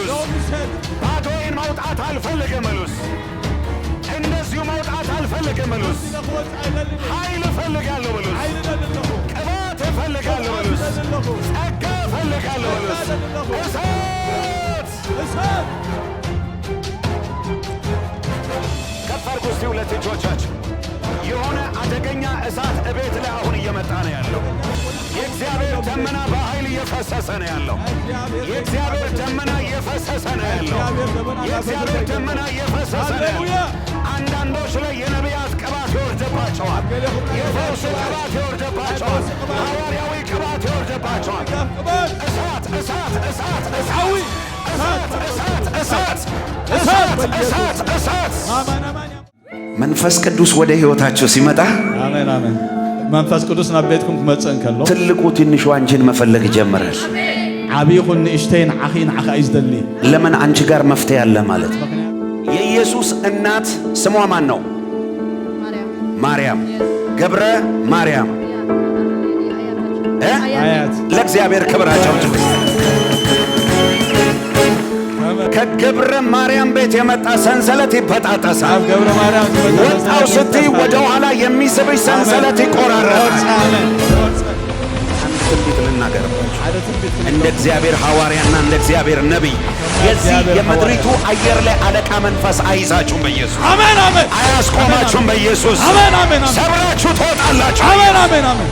በሉስ። ባዶዬን መውጣት አልፈልግም በሉስ። እንደዚሁ መውጣት አልፈልግም በሉስ። ኃይል እፈልጋለሁ በሉስ። ቅባት እፈልጋለሁ በሉስ። ጸጋ እፈልጋለሁ በሉስ። እሳት ከፍ አድርጉ እስቲ ሁለት እጆቻችሁ የሆነ አደገኛ እሳት እቤት ላይ አሁን እየመጣ ነው ያለው የእግዚአብሔር ደመና እየፈሰሰ ነው ያለው። የእግዚአብሔር ደመና እየፈሰሰ ነው ያለው። የእግዚአብሔር ደመና እየፈሰሰ ነው አንዳንዶች ላይ የነቢያት ቅባት ይወርደባቸዋል። የፈውስ ቅባት ይወርደባቸዋል። ሐዋርያዊ ቅባት ይወርደባቸዋል። እሳት እሳት መንፈስ ቅዱስ ወደ ሕይወታቸው ሲመጣ መንፈስ ቅዱስ ናቤትኩም ክመፅእ እንከሎ ትልቁ ትንሹ አንቺን መፈለግ ይጀምራል። ዓብይኹን ንእሽተይን ዓኺን ዓኻ እዩ ዝደሊ ለምን አንቺ ጋር መፍትሄ አለ ማለት የኢየሱስ እናት ስሟ ማን ነው? ማርያም ገብረ ማርያም። ለእግዚአብሔር ክብራቸው ከገብረ ማርያም ቤት የመጣ ሰንሰለት ይበጣጠሳል። ወጣው ስትይ ወደ ኋላ የሚስብሽ ሰንሰለት ይቆራረጣል። ትንቢት ልናገርባችሁ እንደ እግዚአብሔር ሐዋርያና እንደ እግዚአብሔር ነቢይ የዚህ የምድሪቱ አየር ላይ አለቃ መንፈስ አይዛችሁም በኢየሱስ አሜን። አሜን። አያስቆማችሁም በኢየሱስ አሜን። አሜን። ሰብራችሁ ትወጣላችሁ። አሜን። አሜን። አሜን።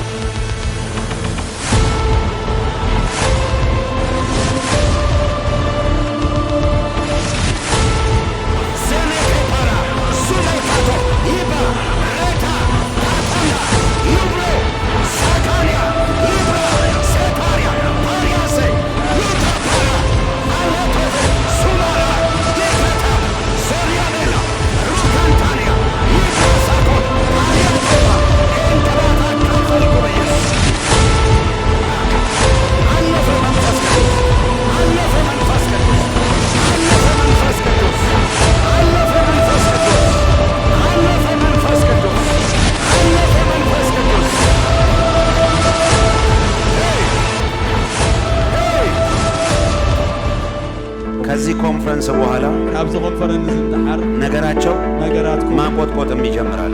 ከዚህ ኮንፈረንስ በኋላ ካብዚ ኮንፈረንስ ዝንተሓር ነገራቸው ነገራትኩም ማቆጥቆጥም ይጀምራል፣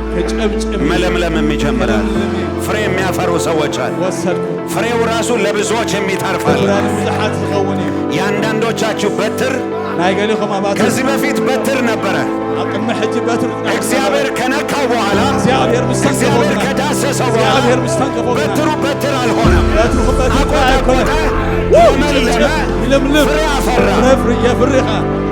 መለምለምም ይጀምራል። ፍሬ የሚያፈሩ ሰዎች አሉ። ወሰድኩ ፍሬው ራሱ ለብዙዎች የሚታርፋል። ዝኸውን እዩ። የአንዳንዶቻችሁ በትር ናይ ገሊኹም ከዚህ በፊት በትር ነበረ። አቅም ሕጂ በትር እግዚአብሔር ከነካው በኋላ እግዚአብሔር እግዚአብሔር ከዳሰሰው በኋላ በትሩ በትር አልሆነም። በትሩ በትር ለመለመ ፍሬ አፈራ።